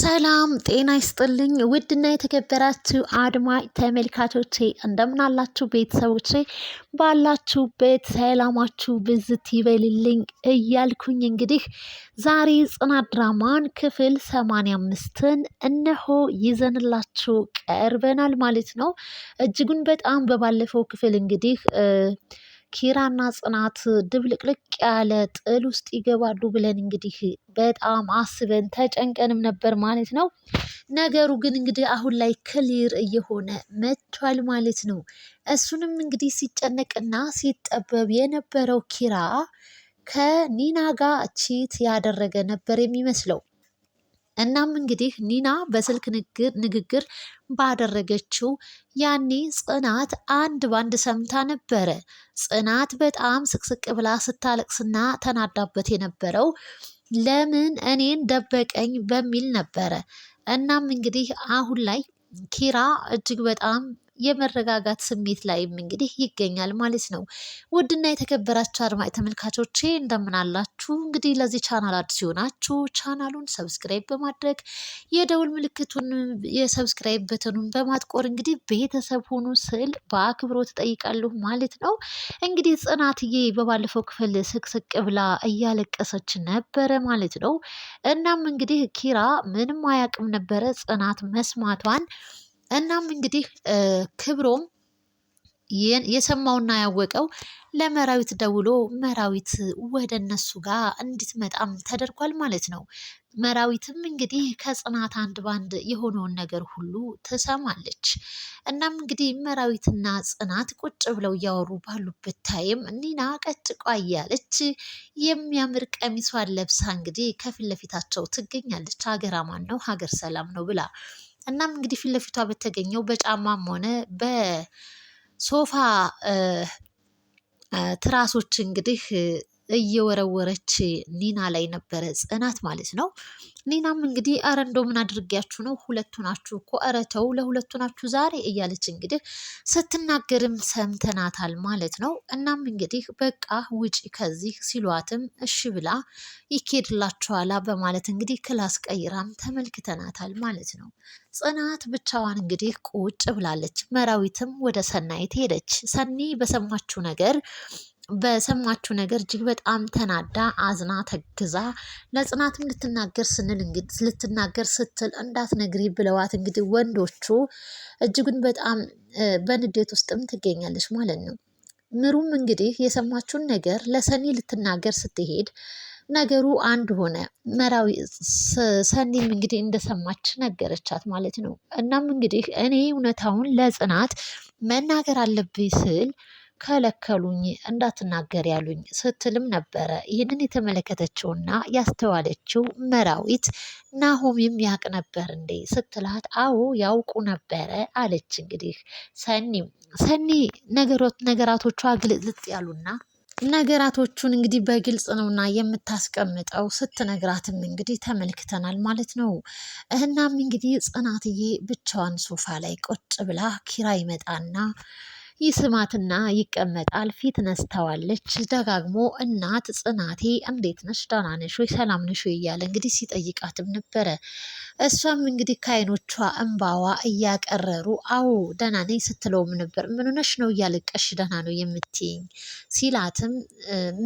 ሰላም ጤና ይስጥልኝ። ውድና የተከበራችሁ አድማጭ ተመልካቾቼ እንደምናላችሁ ቤተሰቦቼ፣ ባላችሁበት ሰላማችሁ ብዝት ይበልልኝ እያልኩኝ እንግዲህ ዛሬ ጽናት ድራማን ክፍል ሰማንያ አምስትን እነሆ ይዘንላችሁ ቀርበናል ማለት ነው። እጅጉን በጣም በባለፈው ክፍል እንግዲህ ኪራና ጽናት ድብልቅልቅ ያለ ጥል ውስጥ ይገባሉ ብለን እንግዲህ በጣም አስበን ተጨንቀንም ነበር ማለት ነው። ነገሩ ግን እንግዲህ አሁን ላይ ክሊር እየሆነ መቷል ማለት ነው። እሱንም እንግዲህ ሲጨነቅና ሲጠበብ የነበረው ኪራ ከኒና ጋር ቺት ያደረገ ነበር የሚመስለው። እናም እንግዲህ ኒና በስልክ ንግግር ባደረገችው ያኔ ጽናት አንድ ባንድ ሰምታ ነበረ። ጽናት በጣም ስቅስቅ ብላ ስታለቅስና ተናዳበት የነበረው ለምን እኔን ደበቀኝ በሚል ነበረ። እናም እንግዲህ አሁን ላይ ኪራ እጅግ በጣም የመረጋጋት ስሜት ላይም እንግዲህ ይገኛል ማለት ነው። ውድና የተከበራችሁ አድማጭ ተመልካቾቼ እንደምናላችሁ እንግዲህ ለዚህ ቻናል አዲስ ሲሆናችሁ ቻናሉን ሰብስክራይብ በማድረግ የደውል ምልክቱን የሰብስክራይብ በተኑን በማጥቆር እንግዲህ ቤተሰብ ሆኑ ስል በአክብሮ እጠይቃለሁ ማለት ነው። እንግዲህ ጽናትዬ በባለፈው ክፍል ስቅስቅ ብላ እያለቀሰች ነበረ ማለት ነው። እናም እንግዲህ ኪራ ምንም አያውቅም ነበረ ጽናት መስማቷን እናም እንግዲህ ክብሮም የሰማውና ያወቀው ለመራዊት ደውሎ መራዊት ወደ እነሱ ጋር እንድትመጣም ተደርጓል ማለት ነው። መራዊትም እንግዲህ ከጽናት አንድ ባንድ የሆነውን ነገር ሁሉ ትሰማለች። እናም እንግዲህ መራዊትና ጽናት ቁጭ ብለው እያወሩ ባሉበት ታይም ኒና ቀጭቋ ቋያለች የሚያምር ቀሚሷን ለብሳ እንግዲህ ከፊት ለፊታቸው ትገኛለች። ሀገር አማን ነው ሀገር ሰላም ነው ብላ እናም እንግዲህ ፊት ለፊቷ በተገኘው በጫማም ሆነ በሶፋ ትራሶች እንግዲህ እየወረወረች ኒና ላይ ነበረ ጽናት ማለት ነው። ኒናም እንግዲህ አረ እንደው ምን አድርጊያችሁ ነው ሁለቱ ናችሁ እኮ አረ ተው ለሁለቱ ናችሁ ዛሬ እያለች እንግዲህ ስትናገርም ሰምተናታል ማለት ነው። እናም እንግዲህ በቃ ውጪ ከዚህ ሲሏትም እሺ ብላ ይኬድላችኋላ በማለት እንግዲህ ክላስ ቀይራም ተመልክተናታል ማለት ነው። ጽናት ብቻዋን እንግዲህ ቁጭ ብላለች። መራዊትም ወደ ሰናይት ሄደች። ሰኒ በሰማችው ነገር በሰማችው ነገር እጅግ በጣም ተናዳ አዝና ተግዛ ለጽናትም ልትናገር ስንል እንግዲህ ልትናገር ስትል እንዳትነግሪ ብለዋት እንግዲህ ወንዶቹ እጅጉን በጣም በንዴት ውስጥም ትገኛለች ማለት ነው። ምሩም እንግዲህ የሰማችውን ነገር ለሰኒ ልትናገር ስትሄድ ነገሩ አንድ ሆነ። መራዊ ሰኒም እንግዲህ እንደሰማች ነገረቻት ማለት ነው። እናም እንግዲህ እኔ እውነታውን ለጽናት መናገር አለብኝ ስል ከለከሉኝ እንዳትናገር ያሉኝ ስትልም ነበረ። ይህንን የተመለከተችውና ያስተዋለችው መራዊት ናሆሚም የሚያቅ ነበር እንዴ ስትላት፣ አዎ ያውቁ ነበረ አለች። እንግዲህ ሰኒ ሰኒ ነገራቶቿ ግልጽ ያሉና ነገራቶቹን እንግዲህ በግልጽ ነውና የምታስቀምጠው ስትነግራትም እንግዲህ ተመልክተናል ማለት ነው። እናም እንግዲህ ጽናትዬ ብቻዋን ሶፋ ላይ ቁጭ ብላ ኪራ ይመጣና ይስማትና ይቀመጣል። ፊት ነስተዋለች። ደጋግሞ እናት ጽናቴ እንዴት ነሽ? ደህና ነሽ ወይ? ሰላም ነሽ ወይ? እያለ እንግዲህ ሲጠይቃትም ነበረ። እሷም እንግዲህ ከአይኖቿ እንባዋ እያቀረሩ አዎ ደህና ነኝ ስትለውም ነበር። ምን ሆነሽ ነው እያለቀሽ ደህና ነው የምትይኝ ሲላትም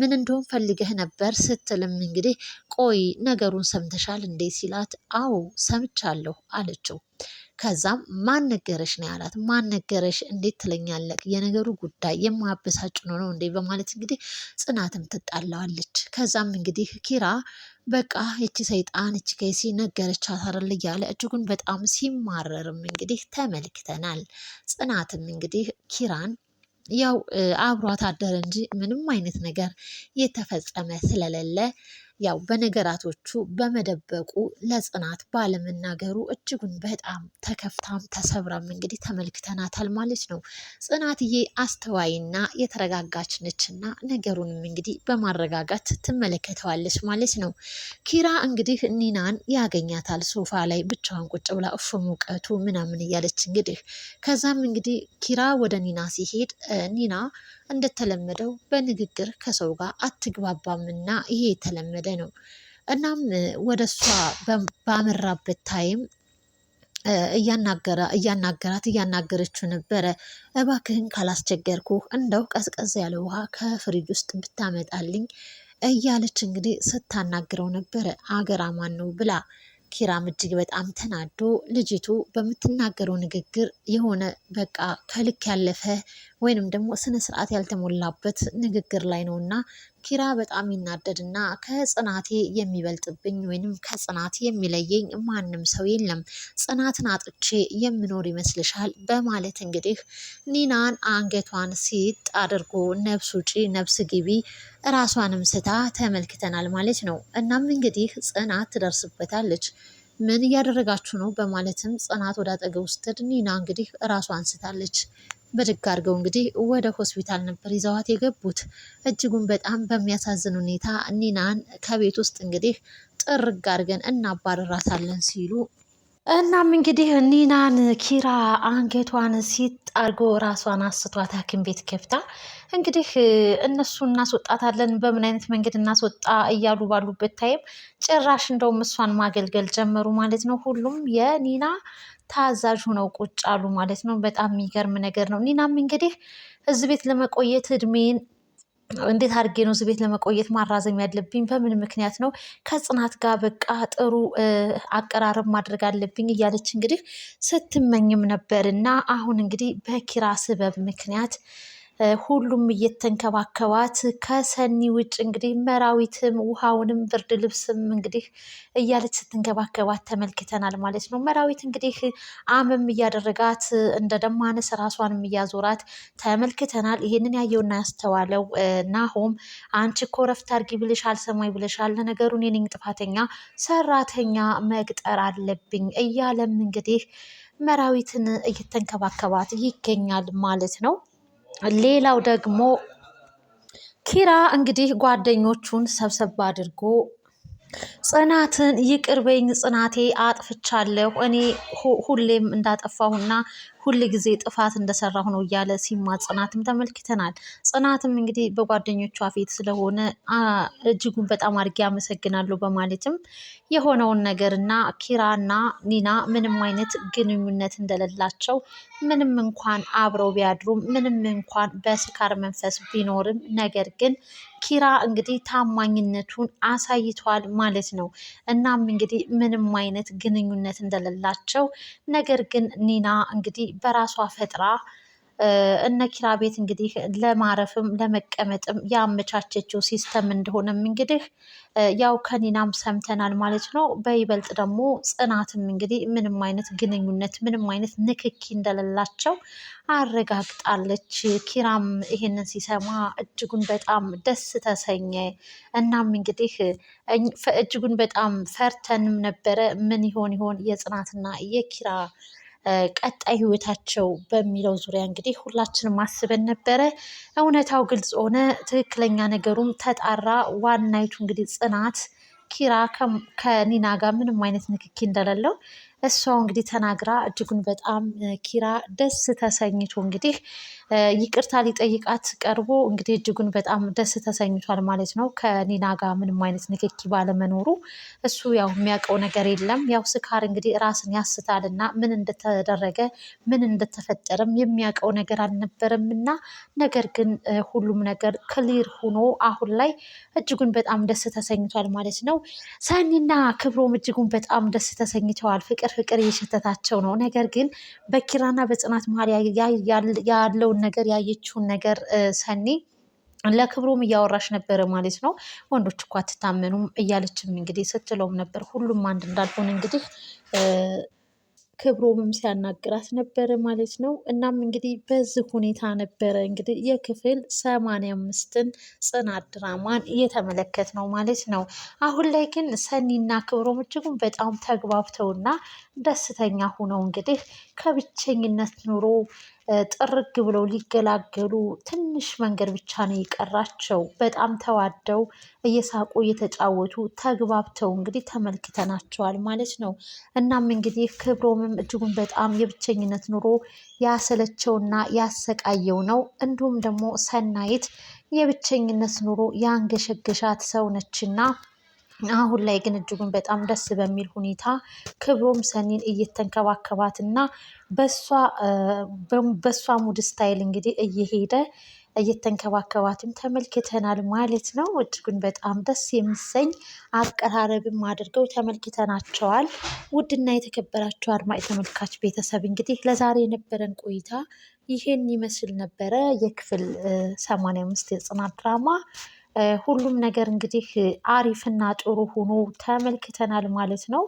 ምን እንደሆን ፈልገህ ነበር ስትልም እንግዲህ ቆይ ነገሩን ሰምተሻል እንዴ ሲላት አዎ ሰምቻለሁ አለችው። ከዛም ማን ነገረሽ ነው ያላት። ማን ነገረሽ? እንዴት ትለኛለህ? የነገሩ ጉዳይ የማያበሳጭ ነው ነው እንዴ? በማለት እንግዲህ ጽናትም ትጣለዋለች። ከዛም እንግዲህ ኪራ በቃ እቺ ሰይጣን እቺ ከይሲ ነገረች አታረል እያለ እጅጉን በጣም ሲማረርም እንግዲህ ተመልክተናል። ጽናትም እንግዲህ ኪራን ያው አብሯት አደረ እንጂ ምንም አይነት ነገር የተፈጸመ ስለሌለ ያው በነገራቶቹ በመደበቁ ለጽናት ባለመናገሩ እጅጉን በጣም ተከፍታም ተሰብራም እንግዲህ ተመልክተናታል ማለት ነው። ጽናትዬ አስተዋይና የተረጋጋች ነችና ነገሩንም እንግዲህ በማረጋጋት ትመለከተዋለች ማለት ነው። ኪራ እንግዲህ ኒናን ያገኛታል ሶፋ ላይ ብቻዋን ቁጭ ብላ እፎ ሙቀቱ ምናምን እያለች እንግዲህ ከዛም እንግዲህ ኪራ ወደ ኒና ሲሄድ ኒና እንደተለመደው በንግግር ከሰው ጋር እና ይሄ የተለመደ ነው። እናም ወደ እሷ ባመራበት ታይም እያናገራት እያናገረችው ነበረ። እባክህን ካላስቸገርኩ እንደው ቀዝቀዝ ያለ ውሃ ከፍሪጅ ውስጥ ብታመጣልኝ እያለች እንግዲህ ስታናግረው ነበረ። አገራማን ነው ብላ ኪራም እጅግ በጣም ተናዶ ልጅቱ በምትናገረው ንግግር የሆነ በቃ ከልክ ያለፈ ወይንም ደግሞ ስነ ስርዓት ያልተሞላበት ንግግር ላይ ነው እና ኪራ በጣም ይናደድና ከጽናቴ የሚበልጥብኝ ወይንም ከጽናት የሚለየኝ ማንም ሰው የለም፣ ጽናትን አጥቼ የምኖር ይመስልሻል? በማለት እንግዲህ ኒናን አንገቷን ሲጥ አድርጎ ነብስ ውጪ ነብስ ግቢ ራሷንም ስታ ተመልክተናል ማለት ነው። እናም እንግዲህ ጽናት ትደርስበታለች። ምን እያደረጋችሁ ነው? በማለትም ጽናት ወደ አጠገቡ ስትሄድ ኒና እንግዲህ እራሷ አንስታለች። ብድግ አድርገው እንግዲህ ወደ ሆስፒታል ነበር ይዘዋት የገቡት። እጅጉን በጣም በሚያሳዝን ሁኔታ ኒናን ከቤት ውስጥ እንግዲህ ጥርግ አድርገን እናባረራታለን ሲሉ እናም እንግዲህ ኒናን ኪራ አንገቷን ሲጥ አድርጎ ራሷን አስቷት ሐኪም ቤት ከፍታ እንግዲህ እነሱ እናስወጣታለን በምን አይነት መንገድ እናስወጣ እያሉ ባሉበት ታይም ጭራሽ እንደውም እሷን ማገልገል ጀመሩ ማለት ነው። ሁሉም የኒና ታዛዥ ሆነው ቁጭ አሉ ማለት ነው። በጣም የሚገርም ነገር ነው። ኒናም እንግዲህ እዚህ ቤት ለመቆየት እድሜን እንዴት አድርጌ ነው እዚህ ቤት ለመቆየት ማራዘም ያለብኝ? በምን ምክንያት ነው? ከጽናት ጋር በቃ ጥሩ አቀራረብ ማድረግ አለብኝ እያለች እንግዲህ ስትመኝም ነበር እና አሁን እንግዲህ በኪራ ስበብ ምክንያት ሁሉም እየተንከባከባት ከሰኒ ውጭ እንግዲህ መራዊትም ውሃውንም ብርድ ልብስም እንግዲህ እያለች ስትንከባከባት ተመልክተናል ማለት ነው። መራዊት እንግዲህ አመም እያደረጋት እንደ ደማነስ ራሷንም እያዞራት ተመልክተናል። ይህንን ያየውና ያስተዋለው ናሆም አንቺ እኮ ረፍት አድርጊ ብልሻል፣ ሰማይ ብልሻል፣ ለነገሩ እኔ ነኝ ጥፋተኛ፣ ሰራተኛ መቅጠር አለብኝ እያለም እንግዲህ መራዊትን እየተንከባከባት ይገኛል ማለት ነው። ሌላው ደግሞ ኪራ እንግዲህ ጓደኞቹን ሰብሰብ አድርጎ ጽናትን ይቅርበኝ፣ ጽናቴ አጥፍቻለሁ እኔ ሁሌም እንዳጠፋሁና ሁል ጊዜ ጥፋት እንደሰራ ሆኖ እያለ ሲማ ጽናትም ተመልክተናል። ጽናትም እንግዲህ በጓደኞቿ ፊት ስለሆነ እጅጉን በጣም አድርጌ አመሰግናለሁ በማለትም የሆነውን ነገር እና ኪራና ኒና ምንም አይነት ግንኙነት እንደሌላቸው ምንም እንኳን አብረው ቢያድሩም ምንም እንኳን በስካር መንፈስ ቢኖርም ነገር ግን ኪራ እንግዲህ ታማኝነቱን አሳይቷል ማለት ነው። እናም እንግዲህ ምንም አይነት ግንኙነት እንደሌላቸው ነገር ግን ኒና እንግዲህ በራሷ ፈጥራ እነ ኪራ ቤት እንግዲህ ለማረፍም ለመቀመጥም ያመቻቸችው ሲስተም እንደሆነም እንግዲህ ያው ከኒናም ሰምተናል ማለት ነው። በይበልጥ ደግሞ ጽናትም እንግዲህ ምንም አይነት ግንኙነት ምንም አይነት ንክኪ እንደሌላቸው አረጋግጣለች። ኪራም ይሄንን ሲሰማ እጅጉን በጣም ደስ ተሰኘ። እናም እንግዲህ እጅጉን በጣም ፈርተንም ነበረ ምን ይሆን ይሆን የጽናትና የኪራ ቀጣይ ህይወታቸው በሚለው ዙሪያ እንግዲህ ሁላችንም አስበን ነበረ። እውነታው ግልጽ ሆነ፣ ትክክለኛ ነገሩም ተጣራ። ዋናይቱ እንግዲህ ጽናት ኪራ ከኒና ጋር ምንም አይነት ንክኪ እንደሌለው እሷ እንግዲህ ተናግራ እጅጉን በጣም ኪራ ደስ ተሰኝቶ እንግዲህ ይቅርታ ሊጠይቃት ቀርቦ እንግዲህ እጅጉን በጣም ደስ ተሰኝቷል ማለት ነው። ከኒና ጋር ምንም አይነት ንክኪ ባለመኖሩ እሱ ያው የሚያውቀው ነገር የለም። ያው ስካር እንግዲህ ራስን ያስታል እና ምን እንደተደረገ ምን እንደተፈጠረም የሚያውቀው ነገር አልነበረም እና ነገር ግን ሁሉም ነገር ክሊር ሆኖ አሁን ላይ እጅጉን በጣም ደስ ተሰኝቷል ማለት ነው። ሰኒና ክብሮም እጅጉን በጣም ደስ ተሰኝተዋል። ፍቅር ፍቅር ፍቅር እየሸተታቸው ነው። ነገር ግን በኪራና በጽናት መሀል ያለውን ነገር ያየችውን ነገር ሰኒ ለክብሩም እያወራሽ ነበረ ማለት ነው። ወንዶች እኮ አትታመኑም እያለችም እንግዲህ ስትለውም ነበር። ሁሉም አንድ እንዳልሆነ እንግዲህ ክብሮምም ሲያናግራት ነበረ ማለት ነው። እናም እንግዲህ በዚህ ሁኔታ ነበረ እንግዲህ የክፍል ሰማንያ አምስትን ጽናት ድራማን እየተመለከት ነው ማለት ነው። አሁን ላይ ግን ሰኒና ክብሮም እጅጉን በጣም ተግባብተውና ደስተኛ ሁነው እንግዲህ ከብቸኝነት ኑሮ ጥርግ ብለው ሊገላገሉ ትንሽ መንገድ ብቻ ነው የቀራቸው። በጣም ተዋደው እየሳቁ እየተጫወቱ ተግባብተው እንግዲህ ተመልክተናቸዋል ማለት ነው። እናም እንግዲህ ክብሮምም እጅጉን በጣም የብቸኝነት ኑሮ ያሰለቸውና ያሰቃየው ነው። እንዲሁም ደግሞ ሰናይት የብቸኝነት ኑሮ ያንገሸገሻት ሰው ነችና አሁን ላይ ግን እጅጉን በጣም ደስ በሚል ሁኔታ ክብሮም ሰኒን እየተንከባከባት እና በእሷ ሙድ ስታይል እንግዲህ እየሄደ እየተንከባከባትም ተመልክተናል ማለት ነው። እጅጉን በጣም ደስ የሚሰኝ አቀራረብም አድርገው ተመልክተናቸዋል። ውድና የተከበራቸው አድማጭ ተመልካች ቤተሰብ እንግዲህ ለዛሬ የነበረን ቆይታ ይህን ይመስል ነበረ። የክፍል 85 የጽናት ድራማ ሁሉም ነገር እንግዲህ አሪፍና ጥሩ ሆኖ ተመልክተናል ማለት ነው።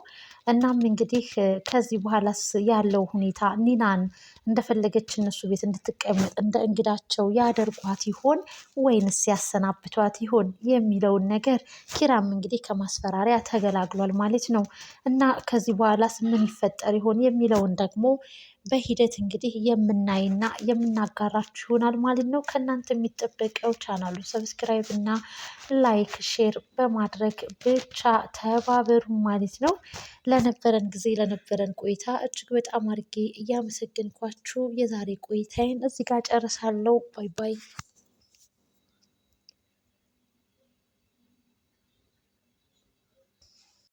እናም እንግዲህ ከዚህ በኋላስ ያለው ሁኔታ ኒናን እንደፈለገች እነሱ ቤት እንድትቀመጥ እንደ እንግዳቸው ያደርጓት ይሆን ወይንስ ያሰናብቷት ይሆን የሚለውን ነገር ኪራም እንግዲህ ከማስፈራሪያ ተገላግሏል ማለት ነው። እና ከዚህ በኋላስ ምን ይፈጠር ይሆን የሚለውን ደግሞ በሂደት እንግዲህ የምናይና የምናጋራችሁ ይሆናል ማለት ነው። ከእናንተ የሚጠበቀው ቻናሉ ሰብስክራይብ እና ላይክ፣ ሼር በማድረግ ብቻ ተባበሩ ማለት ነው። ለነበረን ጊዜ ለነበረን ቆይታ እጅግ በጣም አድርጌ እያመሰገንኳችሁ የዛሬ ቆይታዬን እዚህ ጋር ጨርሳለሁ። ባይ ባይ።